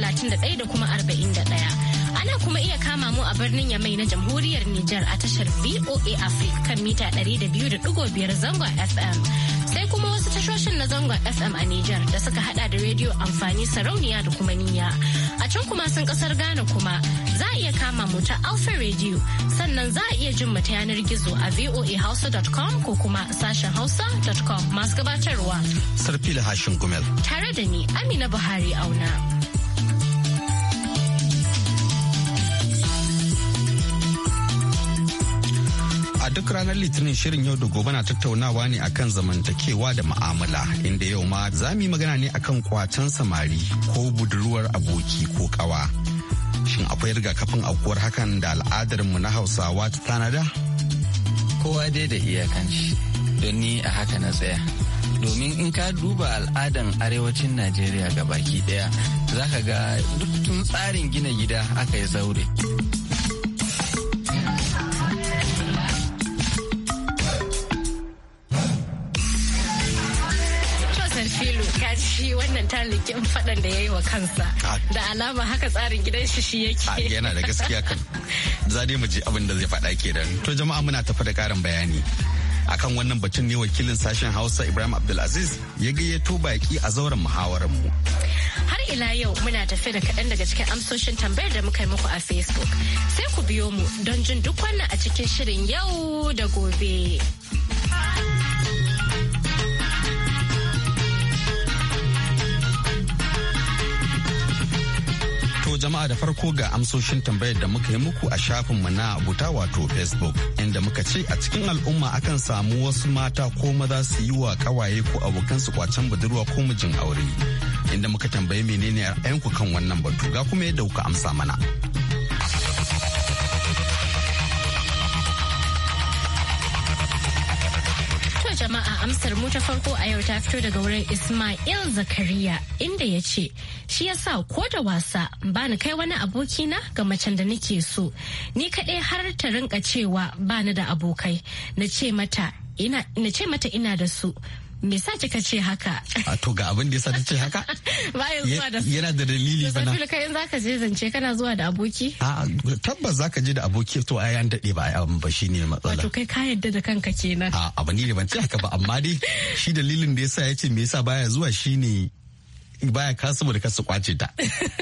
31 da kuma 41. Ana kuma iya kama mu a birnin Yamai na Jamhuriyar Nijar a tashar VOA Africa kan mita 200.5 zangon FM. Sai kuma wasu tashoshin na zangon FM a Nijar da suka hada da rediyo amfani sarauniya da kuma niyya. A can kuma sun kasar Ghana kuma za a iya kama mu ta Alpha Radio sannan za a iya jin mu ta yanar gizo a voahausa.com ko kuma sashen hausa.com masu gabatarwa. Sarfila Hashin Gumel. Tare da ni Amina Buhari Auna. duk ranar Litinin shirin yau da gobe na tattaunawa ne akan zamantakewa da ma'amala inda yau ma za mu yi magana ne akan kwatan samari ko budurwar aboki ko kawa. Shin akwai rigakafin aukuwar hakan da al'adarmu na Hausawa ta tanada? Kowa dai da iyakanci, don ni a haka na tsaya. domin in ka duba al'adan arewacin najeriya ga baki daya za ka ga duk tun tsarin gina gida aka yi zaure shi wannan talikin faɗan da ya yi wa kansa ah. da alama haka tsarin gidan shi shi yake ah, yana da gaskiya kan za mu ji abin da zai faɗa kenan to jama'a muna tafi da karin bayani akan wannan batun ne wakilin sashen hausa ibrahim abdulaziz ya gayyato baki a zauren muhawarar mu har ila yau muna tafe da kaɗan daga cikin amsoshin tambayar da muka yi muku a facebook sai ku biyo mu don jin duk wannan a cikin shirin yau da gobe. jama'a da farko ga amsoshin tambayar da muka yi muku a shafinmu na buta wato Facebook inda muka ce a cikin al'umma akan samu wasu mata ko maza su yi wa kawaye ko abokansu kwacen budurwa ko mijin aure. Inda muka tambayi menene ku kan wannan batu ga kuma yadda kuka amsa mana. jama'a amsar mu ta farko a yau ta fito daga wurin Ismail Zakariya inda ya ce shi yasa ko da wasa ba ni kai wani abokina ga macen da nake so ni kaɗai har ta rinka cewa ba ni da abokai na ce mata ina da su me sa kika ce haka a to ga abin da yasa ta ce haka bayan zuwa da yana da dalili ba na kai in zaka je zance kana zuwa da aboki a tabbas zaka je da aboki to ai an dade ba ai abin ba shine matsala to kai ka yadda da kanka kenan a abin ne ban ce haka ba amma dai shi dalilin da yasa yace me yasa baya zuwa shine baya ka saboda ka su kwace ta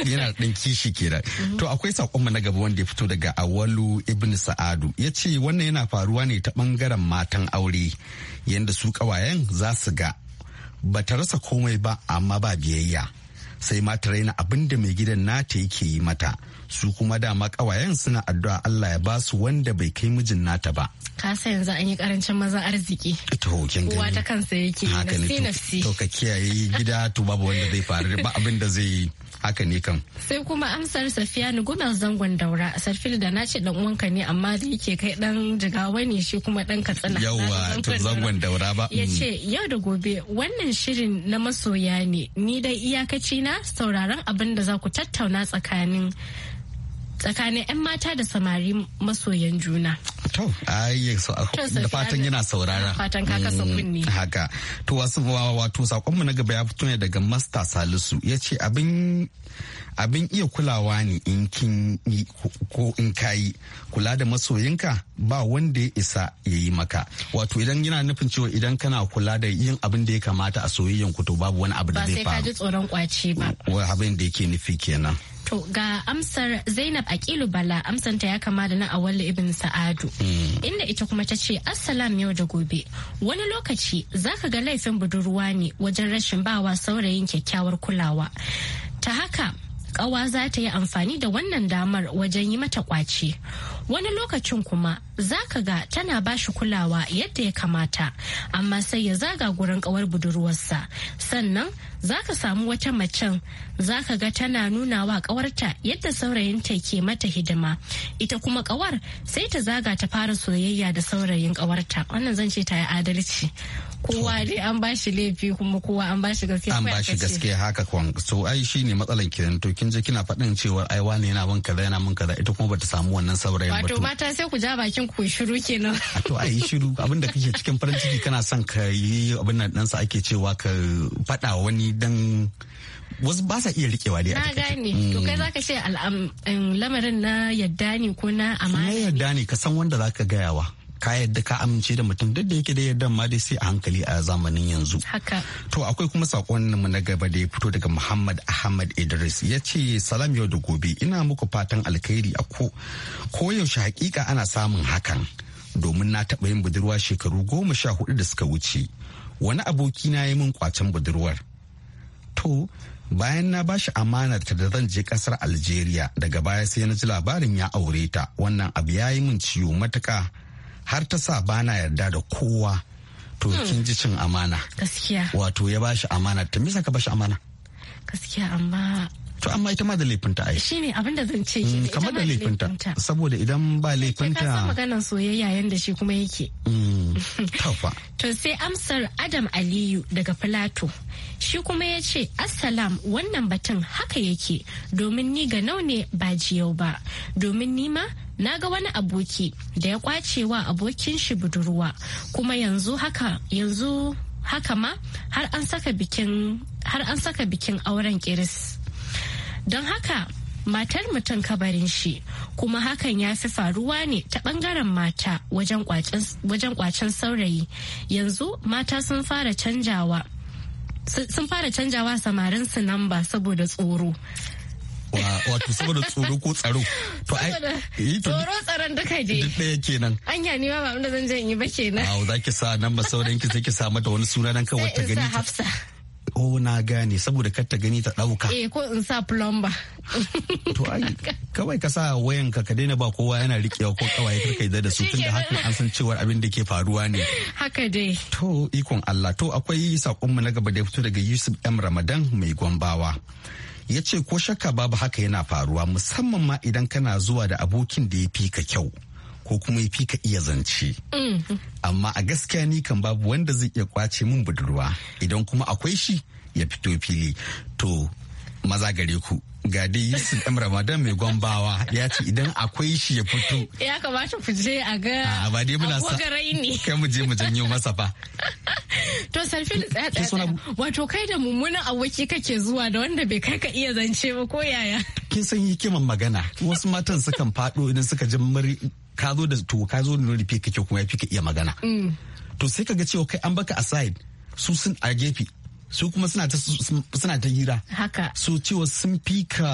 yana ɗan kishi kenan to akwai sakon mu na gaba wanda ya fito daga awalu ibn sa'adu ya ce wannan yana faruwa ne ta ɓangaren matan aure yanda su kawayen za su ga ba ta rasa komai ba amma ba biyayya sai mata raina abin da mai gidan nata yake yi mata su kuma da kawayen suna addu'a Allah ya ba su wanda bai kai mijin nata ba ka san yanzu an yi karancin mazan arziki to hokin gani uwa ta kansa yake nafsi nafsi to ka kiyaye gida to babu wanda zai faru ba abin da zai yi haka ne kam. Sai kuma amsar safiya ni Gomez zangon daura. Sarfil da na ce dan uwanka ne amma da yake kai dan jigawa ne shi kuma dan katsina. Yawwa to zangon daura ba. Ya mm. ce yau da gobe wannan shirin na masoya ne ni dai iyakaci na sauraron abin da za ku tattauna tsakanin tsakanin 'yan mata da samari masoyan juna. To, ayi da fatan yana saurara. Fatan ka kasa mm, Haka. To, wasu wato sakonmu na gaba ya fito ne daga masta Salisu. Ya ce abin abin iya kulawa ne in kin yi ko in kayi kula da masoyinka ba wanda ya isa ya yi maka wato idan yana nufin cewa idan kana kula da yin abin da ya kamata a soyayyan ku to babu wani abu da zai faru ba sai ka ji tsoron kwace ba abin da yake nufi kenan To ga amsar Zainab Akilu Bala amsanta ya kama da na Awali Ibn Sa'adu. Hmm. Inda ita kuma ta ce Assalam yau da gobe. Wani lokaci za ka ga laifin budurwa ne wajen rashin bawa saurayin kyakkyawar kulawa. Ta haka kawa za ta yi amfani da wannan damar wajen yi mata kwace. wani lokacin kuma za ka ga tana bashi kulawa yadda ya kamata amma sai ya zaga gurin kawar budurwarsa sannan za ka samu wata macen za ka ga tana nuna wa kawarta yadda saurayinta ke mata hidima ita kuma kawar sai ta zaga ta fara soyayya da saurayin kawarta wannan zan ce ta yi adalci kowa dai an ba shi laifi kuma kowa an ba shi gaskiya an ba shi gaskiya haka kwan so ai ne matsalan kiran to kin je kina faɗin cewa ai wani yana min kaza yana min kaza ita kuma bata samu wannan saurayin ba wato mata sai ku ja bakin ku shiru kenan to ai shiru abinda kake cikin farin ciki kana son ka yi abin nan ɗansa ake cewa ka faɗa wani dan wasu ba sa iya rikewa dai a na gane to kai zaka ce lamarin na yadda ne ko na amana na yadda ne ka san wanda zaka gayawa ka yadda ka amince da mutum duk da yake da yadda ma dai sai a hankali a zamanin yanzu. Haka. To akwai kuma sakon mu na gaba da ya fito daga Muhammad Ahmad Idris ya ce salam yau da gobe ina muku fatan alkhairi a ko yaushe hakika ana samun hakan domin na taɓa yin budurwa shekaru goma sha hudu da suka wuce wani aboki na yi min kwacen budurwar. To bayan na ba shi amanar ta da zan je kasar Algeria daga baya sai na ji labarin ya aure ta wannan abu ya yi min ciwo matuka har ta sa bana yarda da kowa to hmm. kin ji cin amana gaskiya wato ya bashi amana ta misa ka bashi amana gaskiya amma To amma ita ma da laifinta ai. Shi ne abin da zan ce. Mm, kamar da laifinta. Saboda idan ba laifinta. Ka san maganar soyayya yanda shi kuma yake. Mm, to sai amsar Adam Aliyu daga Filato. Shi kuma ya ce Assalam wannan batun haka yake domin ni ga naune ba jiyau ba. Domin ni ma na ga wani aboki da ya kwace wa abokin shi budurwa kuma yanzu haka yanzu haka ma har an saka bikin auren kiris don haka matar mutum kabarin shi kuma hakan ya fi faruwa ne ta bangaren mata wajen kwacen saurayi yanzu mata sun fara canjawa sun fara canjawa samarin su nan ba saboda tsoro wato saboda tsoro ko tsaro to ai eh, tsoro tsaron duka je daya kenan anya ni ba wanda zan je in yi ba kenan a za ki sa nan ba sauran ki sai ki sa mata wani suna nan kawai ta gani hafsa ko na gane saboda kar ta gani ta ɗauka. Eh ko in sa plumber. to ai kawai ka sa wayan ka ka daina ba kowa yana riƙe ko kawai kar ka yarda da su tunda hakan an san cewa abin da ke faruwa ne. Haka dai. To ikon Allah to akwai sakon mu na gaba da ya fito daga Yusuf M Ramadan mai gombawa Ya ce ko shakka babu haka yana faruwa musamman ma idan kana zuwa da abokin da ya fi ka kyau. ko kuma fi ka iya zance mm. amma a gaskiya ni kan babu wanda zai iya kwace min budurwa idan kuma akwai shi ya fito fili to maza gare ku ga dai yusuf ɗan ramadan mai gwambawa ya ce idan akwai shi ya fito ya kamata ku je a ga a ba dai muna sa kai mu je mu janyo masa fa to tsaya wato kai da mummunan aboki kake zuwa da wanda bai kai ka iya zance ba ko yaya kin san hikiman magana wasu matan sukan fado idan suka ji ka zo da to ka zo da nuna kake kuma yafi ka iya magana mm. to sai ka ga cewa kai an baka aside su sun a gefe su kuma suna ta hira haka su cewa sun fi ka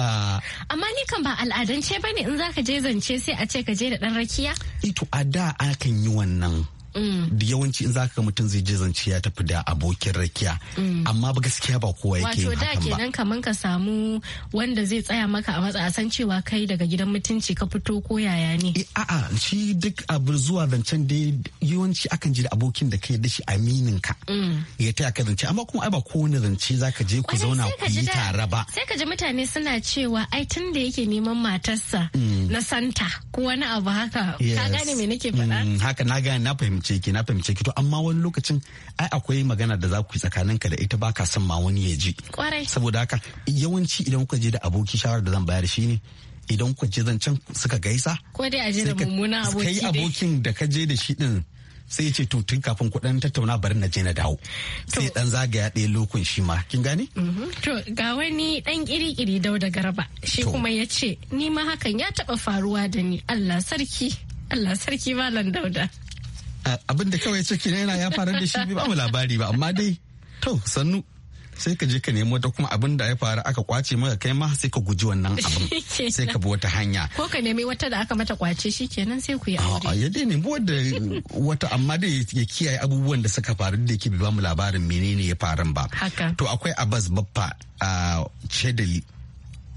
amma ni kan ba al'adance bane in zaka je zance sai a ce ka je da ɗan rakiya ito a da akan yi wannan da mm. yawanci in zaka mutum zai je zance ya tafi da abokin rakiya mm. amma ba gaskiya ba kowa yake yin hakan ba wato da kenan kaman ka samu wanda zai tsaya maka a matsa a san cewa kai daga gidan mutunci ka fito ko yaya ne eh, a'a shi duk abu zuwa zancen da yawanci akan ji da abokin da kai da shi aminin ka mm. ya taya ka zance amma kuma ai ba kowane zance zaka je ku zauna ku yi tare ba sai ka ji mutane suna cewa ai tun da yake neman matarsa na santa ko wani abu haka ka gane me nake faɗa haka na gane na fahimci fahimce ki na fahimce ki to amma wani lokacin ai akwai magana da za ku yi tsakaninka da ita baka son ma wani ya ji saboda haka yawanci idan kuka je da aboki shawarar da zan bayar ne idan kuka je zancen suka gaisa ko dai a je da mummuna aboki kai abokin da ka je da shi din sai ce to tun kafin kuɗin tattauna bari na je na dawo sai dan zagaya ɗaya lokun shi ma kin gane mm-hmm. to ga wani dan kirikiri dauda garba shi kuma ya ce ni ma hakan ya taɓa faruwa da ni Allah sarki Allah sarki malam dauda abin da kawai ciki yana ya faru da shi ba mu labari ba amma dai to sannu sai ka je ka nemo ta kuma abin da ya fara aka kwace maka kai ma sai ka guji wannan abin sai ka bi wata hanya ko ka nemi wata da aka mata kwace shi kenan sai ku yi aure ya dai nemi wata amma dai ya kiyaye abubuwan da suka faru da yake ba mu labarin menene ya faru ba to akwai abas baffa a chedeli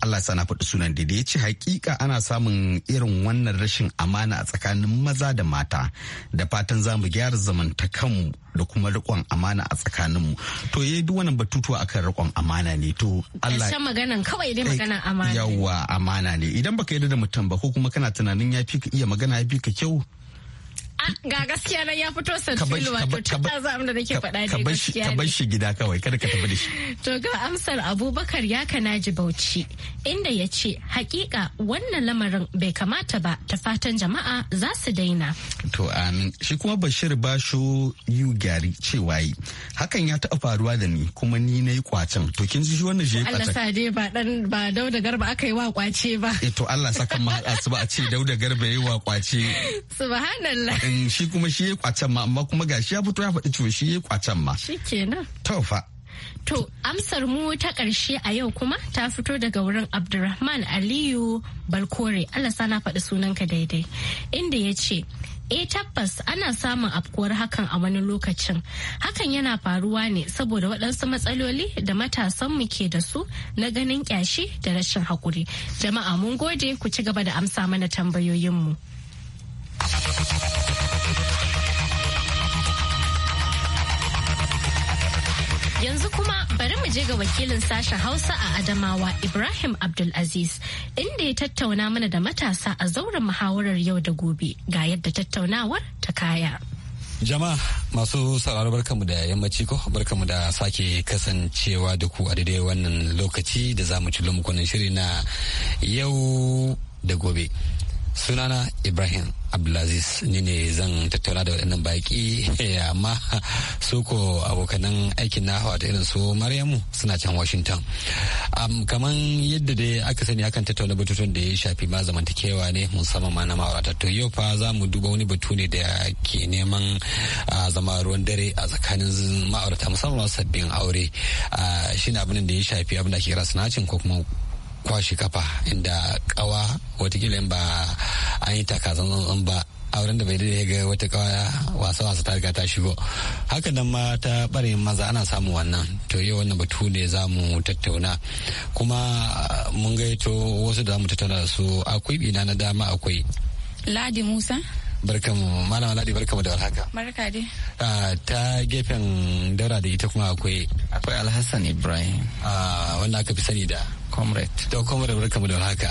Allah sana faɗi sunan da ya ce hakika ana samun irin wannan rashin amana a tsakanin maza da mata da fatan zamu mu gyara zamantakanmu da kuma riƙon amana a tsakaninmu to yayi duk wannan batutuwa akan riƙon amana ne to Allah maganan kawai dai eh, magana amana yawa amana ne idan baka yarda da mutum ba ko kuma kana tunanin ya fi iya magana ya fi ka kyau Ah, ga gaskiya nan ya fito sanfil wato tun zamu da nake faɗa da gaskiya ka bar shi gida kawai kada ka tafi da shi to ga amsar abubakar ya kana ji bauchi inda ya ce hakika wannan lamarin bai kamata ba ta fatan jama'a za su daina to amin shi kuma bashir basho yu gari cewa yi hakan ya taɓa faruwa da ni kuma ni na yi kwacen to kin ji wannan kwacin Allah sa dai ba dan ba dauda garba aka yi wa kwace ba eh to Allah saka ma su ba a ce dauda garba yayi wa kwace subhanallah Eh, shi kuma shi ya kwacen ma amma kuma gashi ya fito ya faɗi cewa shi ya kwacen ma Shi to To amsar mu ta ƙarshe a yau kuma ta fito daga wurin Abdulrahman Aliyu Balkore Allah sana faɗi sunanka daidai inda ya ce E tabbas ana samun afkuwar hakan a wani lokacin. Hakan yana faruwa ne saboda waɗansu matsaloli da matasanmu ke da su na ganin ƙyashi da rashin haƙuri. Jama'a mun gode ku ci gaba da amsa mana tambayoyinmu. Yanzu kuma bari mu je ga wakilin sashen Hausa a Adamawa Ibrahim Abdulaziz inda ya tattauna mana da matasa a zauren muhawarar yau da gobe ga yadda tattaunawar ta kaya. Jama'a masu sauraro barkamu da yammaci ko barkamu da sake kasancewa da ku a daidai wannan lokaci da za mu ci lumkunan shiri na yau da gobe. sunana ibrahim abdulaziz ni ne zan tattauna da waɗannan baƙi eh, amma su ko abokanan aikin na wato irin su maryamu suna can washington um, kamar yadda dai aka sani akan tattauna batutun da ya shafi ma zamantakewa ne musamman ma na ma'aurata to yau fa za mu duba wani batu ne da ke neman zama ruwan dare a tsakanin ma'aurata musamman sabbin aure uh, shine abin da ya shafi abin da ke kira sinacin ko kuma kwashi kafa inda kawa watakila ba an yi takazan ba auren da bai daidai ga wata kawaya wasa wasa ta riga ta shigo haka nan ma ta bare maza ana samu wannan to yau wannan batu ne za mu tattauna kuma ah, mun gaito wasu da za mu tattauna da su akwai bina na dama akwai ladi musa barkamu malama ladi barkamu da warhaka barka dai ah, ta gefen daura da ita kuma akwai akwai alhassan ibrahim ah, wanda aka fi sani da comrade to comrade barka mu da haka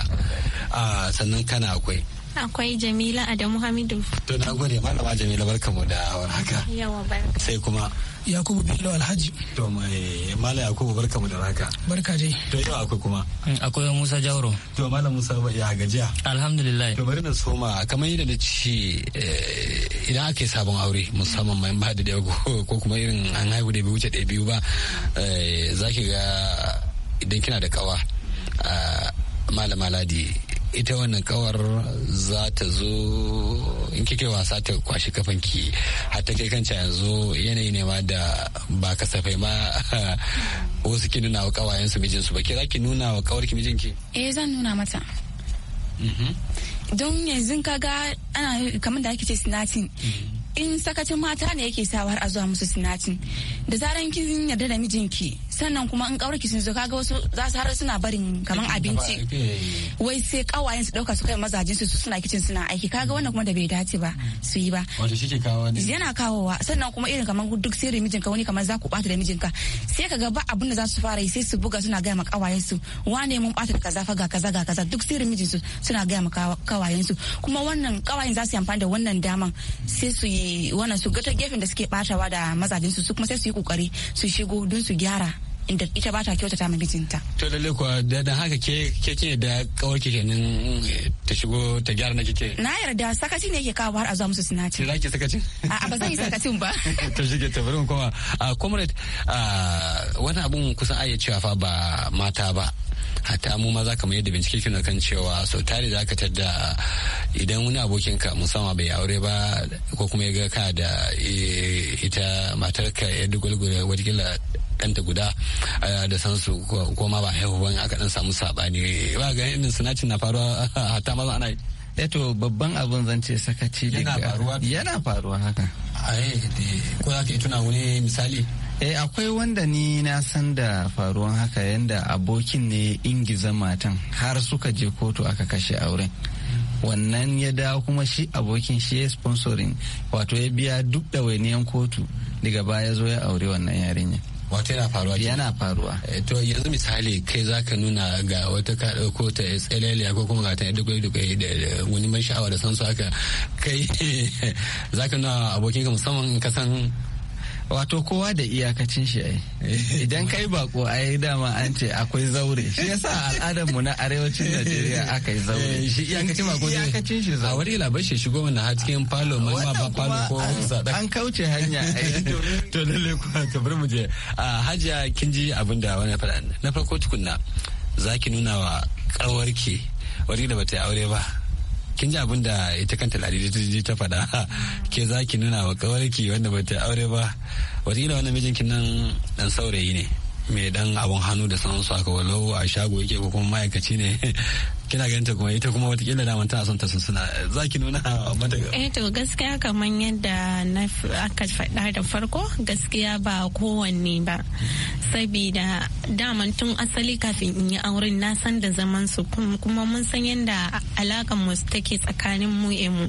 ah, sannan kana akwai akwai jamila adamu hamidu to na gode malama jamila barka mu da haka yawa barka sai kuma yakubu bello alhaji to mai mala yakubu mu da haka barka dai to yau akwai kuma mm, akwai musa jauro to malam musa ya gajiya alhamdulillah to bari na soma kamar yadda na ci eh, idan aka yi sabon aure musamman mai ba da ko kuma irin an haihu da bai wuce ɗaya biyu ba eh, zaki ga idan kina da kawa malama ladi ita wannan kawar za ta zo in kike wasa ta kwashi kafanki hatta kai kanta yanzu yanayi ne ma da ba kasafai ma wasu ki nuna wa kawayensu mijinsu ba za ki nuna wa ki mijinki eh zan nuna mata mm-hmm. don yanzu kaga ana kamar da ake ce sinatin in sakacin mata ne yake sawa har a zuwa musu sinacin da zaran kin yarda da mijinki sannan kuma in kaurki sun zo kaga wasu za su har suna barin kaman abinci eh. wai sai kawayen su dauka su kai mazajin su suna kicin suna aiki kaga wannan kuma da bai dace ba su yi ba wato shike kawo ne yana kawowa sannan kuma irin kaman duk sirrin mijinka wani kaman za ku bata da mijinka sai kaga ba abin da za su fara yi sai su buga suna gaya ma kawayen su wane mun bata da kaza fa ga kaza ga kaza duk sirrin mijinsu suna gaya ma kawayen su kuma wannan kawayen za su yi amfani da wannan daman sai su yi wannan su ga ta gefen da suke batawa da mazajin su kuma sai su yi kokari su shigo don su gyara inda ita bata ta kyautata ma mijinta. To lalle kuwa da haka ke ke ke da kawar ke kenan eh, ta shigo ta gyara na kike. Na yarda sakaci ne yake kawo har a zuwa musu sinacin. Za ke sakacin? A'a ba zan yi sakacin ba. To shige ta bari mu koma. Ah, comrade ah, wani abun kusan ayya cewa fa ba mata ba. Hatta mu maza kamar yadda bincike kina kan cewa sau tare da aka tadda idan wani abokin ka musamman bai aure ba ko kuma ya ga ka da eh, ita matarka ya dugulgula wajen ɗanta guda eh, da sansu ko ma ba haihuwan aka dan samu sabani ba ga irin sinacin na faruwa hatta ma ana eto eh babban abin zan ce sakaci yana faruwa yana faruwa haka ai ko za ka tuna wani misali eh akwai wanda ni na san da faruwan haka yanda abokin ne ingiza matan har suka je kotu aka kashe auren wannan ya dawo kuma shi abokin shi ya sponsoring wato ya biya duk ɗawainiyan kotu daga baya zo ya aure wannan yarinya wato yana faruwa yana faruwa eh, to yanzu misali kai zaka nuna ga wata ka dauko ta tsalaliya ko kuma ga ta da wani ban sha'awa da san su haka kai zaka nuna abokin ka musamman in ka san wato kowa da iyakacin shi ai idan kai bako ai dama an ce akwai zaure shi yasa al'adar mu na arewacin Najeriya aka yi zaure eh, shi iyakacin bako iyakacin shi zaure a wani labar shi shigo mana har cikin falo mai ma ba falo ko zaɗa an kauce hanya to lalle ka bar mu je hajiya kin ji abin da wani faɗa na farko tukunna zaki nuna wa ƙawarki wani da bata yi aure ba kin ji abin da ita kanta ladidi ta faɗa ke za ki nuna wa kawarki wanda ba ta aure ba wataƙila wannan mijinki nan dan saurayi ne mai dan abun hannu da sanansu aka walau a shago yake ko kuma ma'aikaci ne kina ganin ta kuma ita kuma watakila da tana son ta sun suna za ki nuna mata eh to gaskiya kamar yadda na aka faɗa da farko gaskiya ba kowanne ba saboda daman tun asali kafin in yi auren na san da zaman su kuma mun san yadda alakan mu take tsakanin mu e mu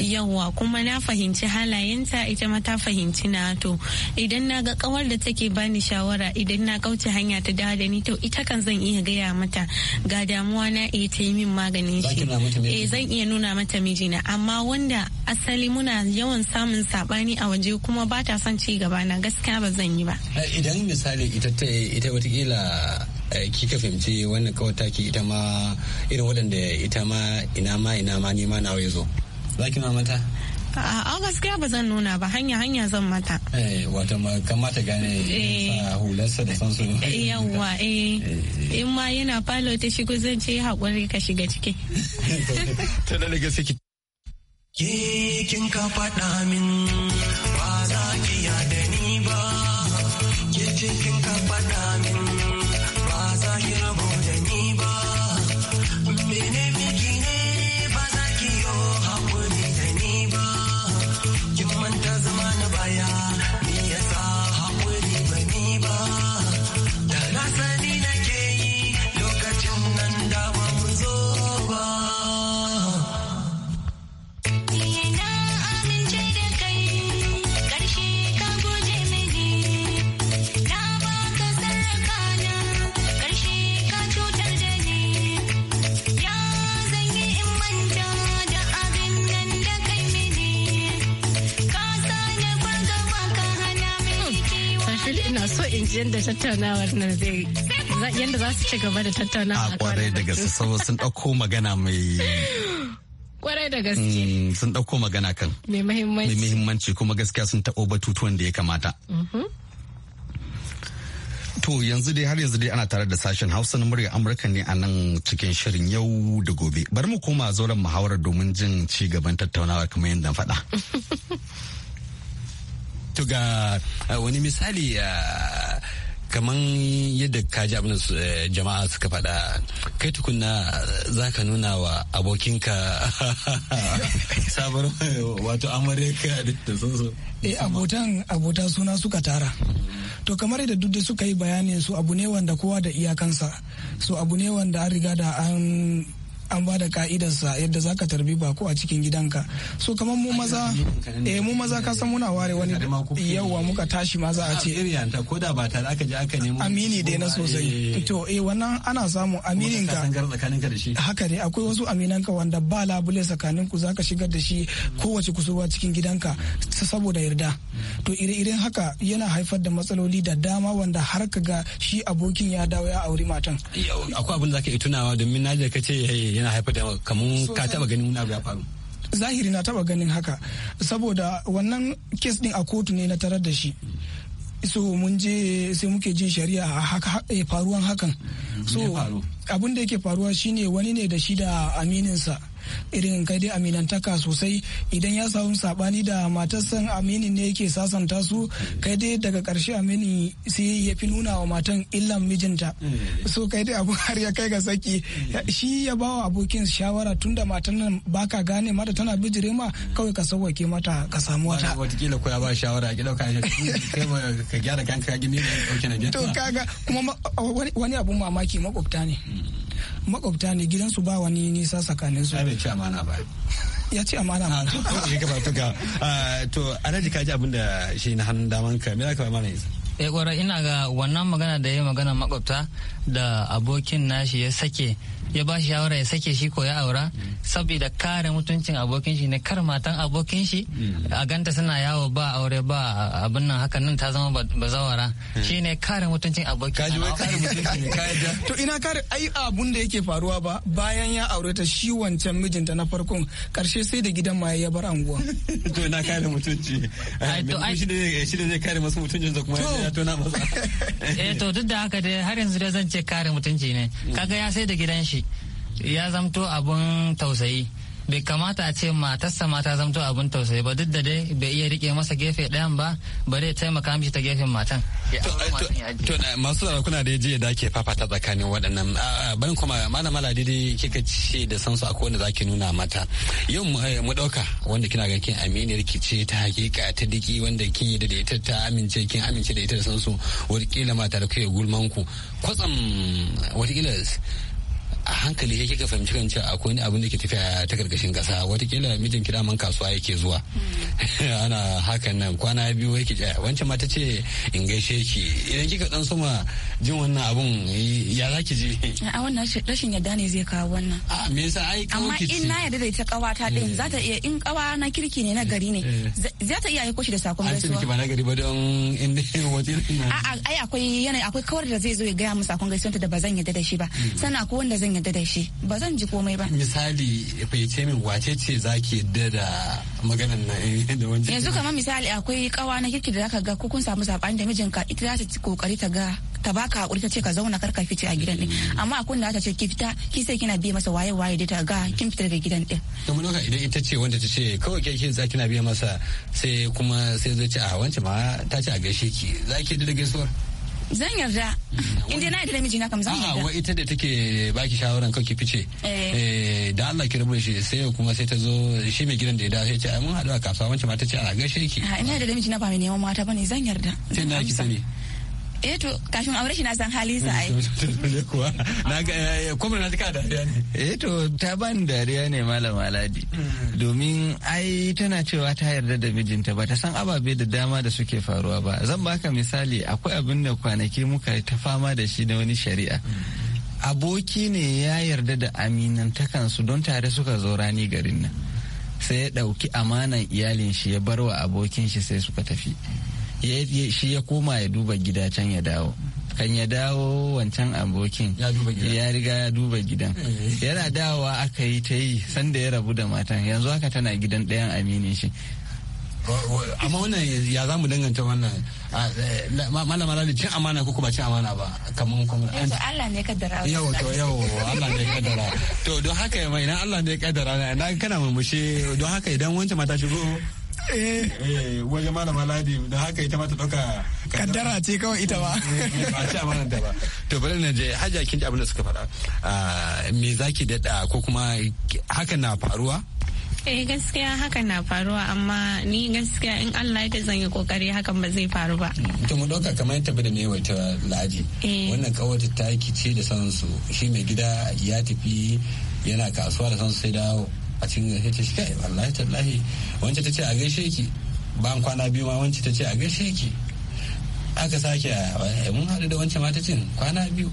yawa eh, kuma na fahimci halayenta ita ma ta fahimci na to idan na ga kawar da take bani shawara idan na kauce hanya ta dawo da ni to ita kan zan iya gaya mata ga damuwa na iya ta yi min maganin shi eh zan iya nuna mata mijina amma wanda asali muna yawan samun sabani a waje kuma ba ta son ci gaba na gaskiya ba zan yi ba eh, idan misali ita ta ita watakila eh, kika fahimci wannan kawai taki ita ma irin waɗanda ita ma ina ma ina ma ni ma na zo za ki mata a gaskiya ba zan nuna ba hanya hanya zan mata eh wata kamata gane eh. hularsa da sansu yawa eh in ma yana falo ta shigo zan ce haƙuri ka shiga ciki ta da gaske ki kin ka faɗa min ba za ki ya da ni ba kin ka faɗa min yadda tattaunawar nan zai yadda za su ci gaba da tattaunawa a kwarai da gaske saboda sun ɗauko magana mai kwarai da gaske mm, sun ɗauko magana kan mai muhimmanci kuma gaskiya sun taɓo batutuwan da ya kamata mm-hmm. To yanzu dai har yanzu dai ana tare da sashen Hausa na murya Amurka ne a nan cikin shirin yau da gobe. Bari mu koma zauren muhawarar domin jin ci gaban tattaunawar kamar yadda faɗa. to ga wani misali kamar yadda kaji abin eh, jama'a suka faɗa kai tukunna eh, za ka nuna wa abokinka sabar eh, wato amurka da sunsu e abotan abota suna suka tara to kamar yadda duk da suka yi bayani su abu ne wanda kowa da iyakansa so abu ne wanda an riga da an an ba da ka'idarsa yadda zaka tarbi bako a cikin gidanka so kamar mu maza eh mu maza ka san muna ware wani yawa muka tashi ma za a ce ko da ba tare aka je aka nemo amini dai na sosai eh. to eh wannan ana samu aminin ka haka dai akwai wasu aminan ka wanda ba labule tsakanin ku zaka shigar da shi kowace kusurwa cikin gidanka saboda yarda to ire-iren haka yana haifar da matsaloli da dama wanda har ka ga shi abokin ya dawo ya auri matan akwai abin da zaka yi tunawa domin na je ka ce yana haifar da kamun ka taba ganin wani abu ya faru zahiri na taba ganin haka saboda wannan kes din a kotu ne na tarar da shi so mun je sai muke jin shari'a haka eh, faruwan hakan mm, so abin da yake faruwa shine wani ne da shi da aminin amininsa irin kai dai aminantaka sosai idan ya samu sabani da matasan amini ne yake sasanta su kai dai daga karshe amini sai ya fi nuna wa matan illan mijinta mm. so kai dai abu har ya kai ga saki mm. shi ya ba wa abokin shawara tunda matan nan baka gane mata tana bijire ma mm. kawai ka sauwake mata ka samu wata watakila ko ya ba shawara ki dauka ka gyara kanka ka gini da dauke na to kaga kuma wani abun mamaki makwabta ne makwabta ne gidansu ba wani nisa tsakanin su. Ai ce amana ba. Ya ce amana ba. Ah, ya ah, To alhaji ka ji abin da shi na hannun daman ka me za ka ba yanzu? Eh kwarai ina ga wannan magana da ya magana makwabta da abokin nashi ya sake ya ba shi shawara ya sake shi ko ya aura saboda kare mutuncin abokin shi ne kar matan abokin shi mm. a ganta suna yawo ba aure ba abin nan hakan nan ta zama bazawara mm. shi ne kare mutuncin abokin shi. kare to ina kare ai abun da yake faruwa ba bayan ya aure ta shi wancan mijinta na farkon karshe sai da gidan maye ya bar anguwa to ina kare mutunci shi da zai kare masu mutuncin da kuma ya tona masa eh to duk da haka dai har yanzu dai zan ce kare mutunci ne mm. kaga ya sai da gidan shi ya zamto abun tausayi bai kamata a ce matarsa mata zamto abin tausayi ba duk da dai bai iya rike masa gefe ɗayan ba ba zai taimaka mishi ta gefen matan. To masu tsaro kuna da jiya da ke fafata tsakanin waɗannan bayan kuma malam maladi dai kika ce da san su akwai wanda zaki nuna mata yau mu eh, ɗauka wanda kina ga kin aminiyar ki ce ta hakika ta diki wanda kin yi da ita ta amince kin amince da ita da san su kila mata da kai gulman ku kwatsam wata a hankali sai kika fahimci kan cewa akwai wani abin da ke tafiya ta karkashin kasa watakila mijin kira man kasuwa yake zuwa ana hakan nan kwana biyu yake jaya wancan ma ta ce in gaishe ki idan kika dan soma jin wannan abun ya za ki ji a wannan rashin yadda ne zai kawo wannan a me yasa ai amma in na yadda da ita kawata din eh. za ta iya in kawa na kirki ne na gari ne eh. za ta iya aiko shi da sakon gaisuwa an ba na gari ba don in wajen. a'a ai akwai yanayi akwai kawar da zai zo ya gaya mu sakon ta da ba zan yadda da shi ba hmm. sannan akwai wanda zan zan yadda da shi ba zan ji komai ba misali ce min wace ce za ki yadda da maganan na. Eh, da wani yanzu kamar misali akwai kawa na kirki da zaka ga ko kun samu sabani da mijinka ita za ta ci kokari ta ga ta baka hakuri ta ce ka zauna kar ka fice a gidan din mm. amma akwai da ta ce ki fita ki sai kina biya masa waye waye da ta ga kin fita daga gidan din to mun ka idan ita ce wanda ta ce kawai ke kin za kina biya masa sai kuma sai zai ce a wancan ma ta ce a gaishe ki za ki da gaisuwar zan yarda inda na yarda da mijina kam zan yarda wa ita da take baki shawaran kanki fice eh. eh da Allah ki rubuce shi sai kuma sai ta zo shi mai gidan da ya dace ai mun haɗu a kasuwa wancan mata ta ce a gaishe ki ina da mijina ba mai neman mata bane zan yarda sai na ki sani eh to kafin aure shi na san hali sa ai na ga eh, kuma na tuka dariya ne eh to ta bani dariya ne malam aladi hmm. domin ai tana cewa ta yarda da mijinta ba ta san ababe da dama da suke faruwa ba zan baka misali akwai abin da kwanaki muka ta fama da shi na wani shari'a hmm. aboki ne ya yarda da su don tare suka zo rani garin nan sai ya ɗauki amanan iyalin shi ya bar wa abokin shi sai suka tafi shi ya koma ya duba gida can ya dawo kan ya dawo wancan abokin ya riga ya duba gidan eh. yana dawowa aka yi ta yi sanda ya rabu da matan yanzu haka tana gidan ɗayan aminin shi amma wannan ya za mu danganta wannan eh, malama lali cin amana ko kuma cin amana ba kamar kuma yanzu Allah ne kaddara Yau to yau Allah ne kaddara to don haka mai idan Allah ne kaddara na kana murmushi don haka idan wancan mata shigo eh, eh wajen malama ladi da haka ita mata ɗauka. kaddara ce kawai ita eh, eh, ba ba ce amana da ba to bari na je hajja kin ji abin da suka faɗa ah, me zaki dada ko kuma hakan na faruwa eh gaskiya hakan na faruwa amma ni gaskiya in Allah ya zan kokari hakan ba zai faru ba mm. to mu dauka kamar yadda bada ne wata laji wannan kawata ta kice da sansu shi mai gida ya tafi yana kasuwa da sansu sai dawo a cikin gaishe ta shi kai wallahi tallahi wance ta ce a gaishe ki ban kwana biyu ma wance ta ce a gaishe ki aka sake mun haɗu da wance mata cin kwana biyu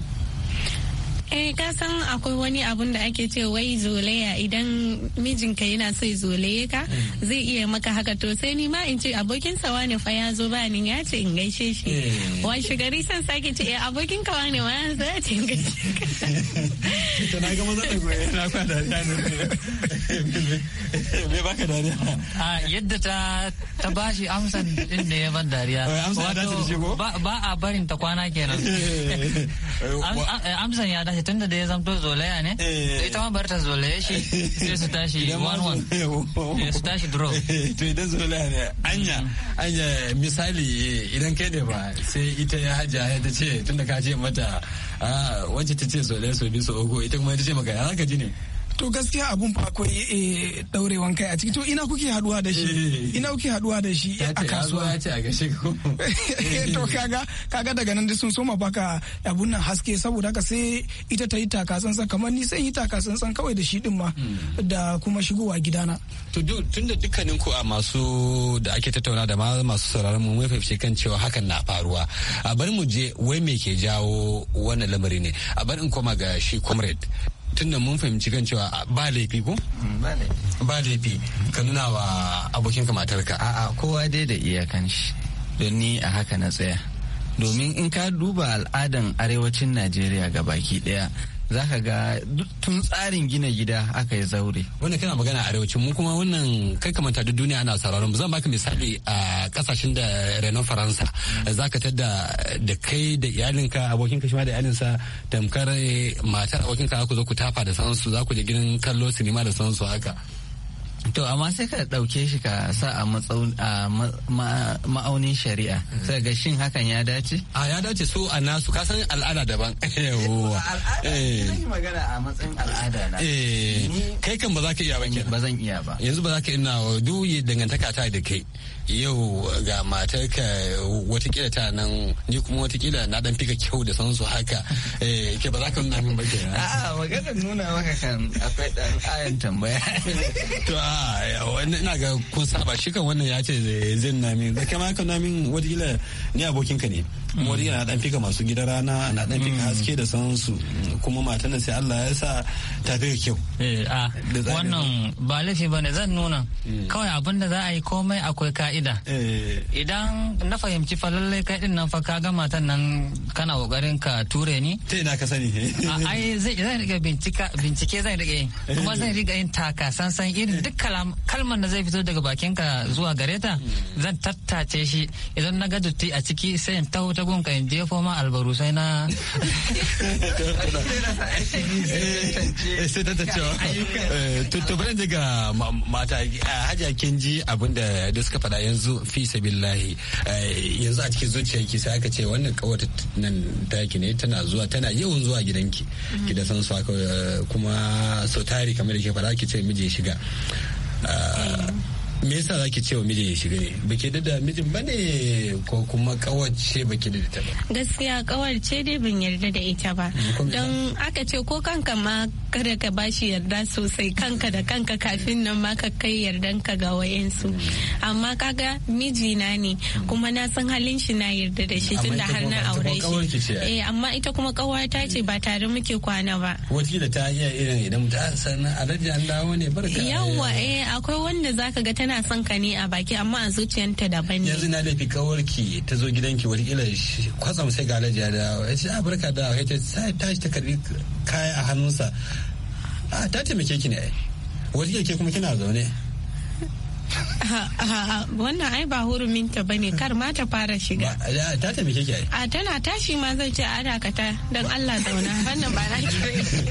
Eh ka san akwai wani abun da ake ce wai zolaya idan mijinka yana so zolaye ka mm. zai iya maka haka to sai ni ma in ce abokin sa wani fa ya zo ba ni ya ce in gaishe shi. Mm. wa gari san sake ce eh abokin ka wani ma ya ce in gaishe ka. To na ga maza da goye na kwa dariya ne. Me baka ne A yadda ta ta bashi amsan din ne ya ban dariya. Amsan Ba a barin ta kwana kenan. Amsan ya dace tashi tunda da ya zamto zolaya ne eh. ita ma barta zolaya shi sai su tashi one one eh, su tashi draw eh, to idan zolaya ne anya mm. anya misali idan kai ne ba sai ita ya haja ta ce tunda ka ce mata ah, wacce ta ce zolaya so bi so ogo ita kuma ta ce maka ya zaka ji ne to gaskiya abun fa akwai eh, daurewan kai a ciki to ina kuke haduwa da shi eh. ina kuke haduwa da shi a kasuwa ya ce a gashi ko to kaga kaga daga nan sun soma baka abun nan haske saboda ka sai ita ta yi takatsantsan kamar ni sai yi takatsantsan kawai da shi din ma hmm. da kuma shigowa gidana to tunda dukkanin ku a masu da ake tattauna da masu sauraron mu mun fahimci kan cewa hakan na faruwa a bari mu je wai me ke jawo wannan lamari ne a bari in koma ga shi comrade tun da mun fahimci kan cewa ba laifi ko hmm, ba laifi ka nuna wa abokin ka matarka a'a kowa dai da iyakan shi don ni a haka na tsaya domin in ka duba al'adan arewacin najeriya ga baki ɗaya. za ka ga tun tsarin gina gida aka yi zaure. Wanda kana magana arewacin mu kuma wannan kai kamanta duk duniya ana sauraron zan baka misali a kasashen da renon faransa za ka tada da kai da iyalinka abokin kashi ma da iyalinsa tamkar eh, matar abokin ka ku zo ku tafa da sansu za ku je ginin kallo sinima da sansu haka. to amma sai ka ɗauke shi ka sa a ma'aunin shari'a sai ga shin hakan ya dace a ya dace so a nasu ka san al'ada daban yawa al'ada eh. magana a matsayin al'ada na eh. kai kan ba za ka iya ba ba zan iya ba yanzu ba za ka ina duk dangantaka ta da kai yau ga matarka watakila ta nan ni kuma watakila na dan fika kyau da sansu haka eh, ke ba za ka nuna min ba ke a'a maganar nuna maka kan akwai dan ayan tambaya to a wannan ina ga kun saba shi kan wannan ya ce zai nuna min da kama ka nuna min watakila ni abokinka ne kuma mm. watakila na dan fika masu gidan rana na dan fika mm. haske da sansu kuma matan sai Allah ya sa ta fika kyau eh a wannan ba laifi bane zan nuna mm. kawai abinda za a yi komai akwai ka'i ka'ida eh. idan na fahimci fa lallai kai din nan fa ka ga matan nan kana kokarin ka ture ni Te ina ka sani ai zai zan riga bincika bincike zan riga kuma zan riga yin taka san irin duk kalman da zai fito daga bakin ka zuwa gare ta zan tattace shi idan na ga dutti a ciki sai in taho ta gunka in jefo ma albaru sai na eh, sai ta tacewa eh, to bari daga mata hajiya kin ji abin da suka faɗa yanzu fi sabillahi eh, yanzu a cikin zuciyarki sai aka ce wannan kawata nan taki ne tana zuwa tana yawan zuwa gidanki ki da san su eh, kuma sautari kamar da ke faɗa ki ce miji shiga ah, me yasa za ki cewa mijin ya shiga ne ba ke da mijin ba ne ko kuma kawace ke da ta ba gaskiya kawar ce dai ban yarda da ita ba don aka ce ko kanka ma kada ka bashi yarda sosai kanka da kanka kafin nan ma ka kai yardan ka ga wayansu amma kaga mijina ne kuma na san halin shi na yarda da shi tunda har na aure shi eh amma ita kuma ta ce ba tare muke kwana ba wata ta iya irin idan ta san alaji dawo ne barka yawa eh akwai wanda zaka ga tana tana son ka ne a baki amma a zuciyanta daban ne yanzu na da kawarki ta zo gidanki wani ila kwatsam sai ga alaji ya dawo ya ce a ah, barka da ya ce sai tashi ta karbi kaya a hannunsa a ah, ta taimake ki ne ai wani ke kuma kina zaune wannan ai ba huruminta ba ne kar ma ta fara shiga ta taimake ki ai a tana tashi ma zan ce a dakata don allah zauna wannan ba na kire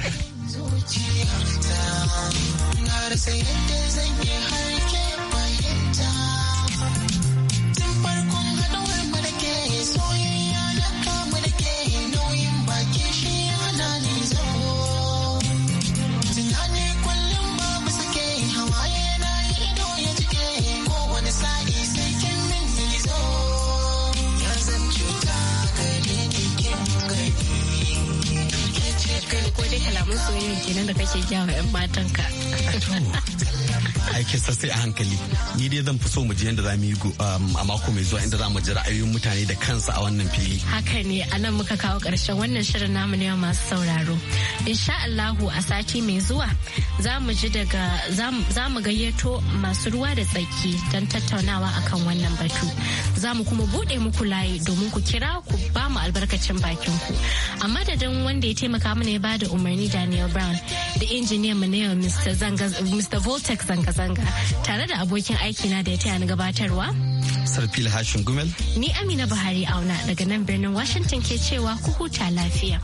'yan matanka. Aikin sa a hankali. Ni dai zan fi so mu je yadda za mu yi um, a mako mai zuwa inda za mu ji ra'ayoyin mutane da kansa a wannan fili. Haka ne a nan muka kawo ƙarshen wannan shirin namu ne masu sauraro. insha Allahu a sati mai zuwa za mu gayyato masu ruwa da tsaki don tattaunawa akan wannan batu za mu kuma buɗe muku layi domin ku kira ku ba mu albarkacin bakin ku a madadin wanda ya taimaka mana ya bada umarni Daniel Brown da injiniyan mu na Mr. Zanga Voltex zanga zanga tare da abokin aikina da ya taya ni gabatarwa Sarfil Hashin Gumel ni Amina Buhari Auna daga nan birnin Washington ke cewa ku huta lafiya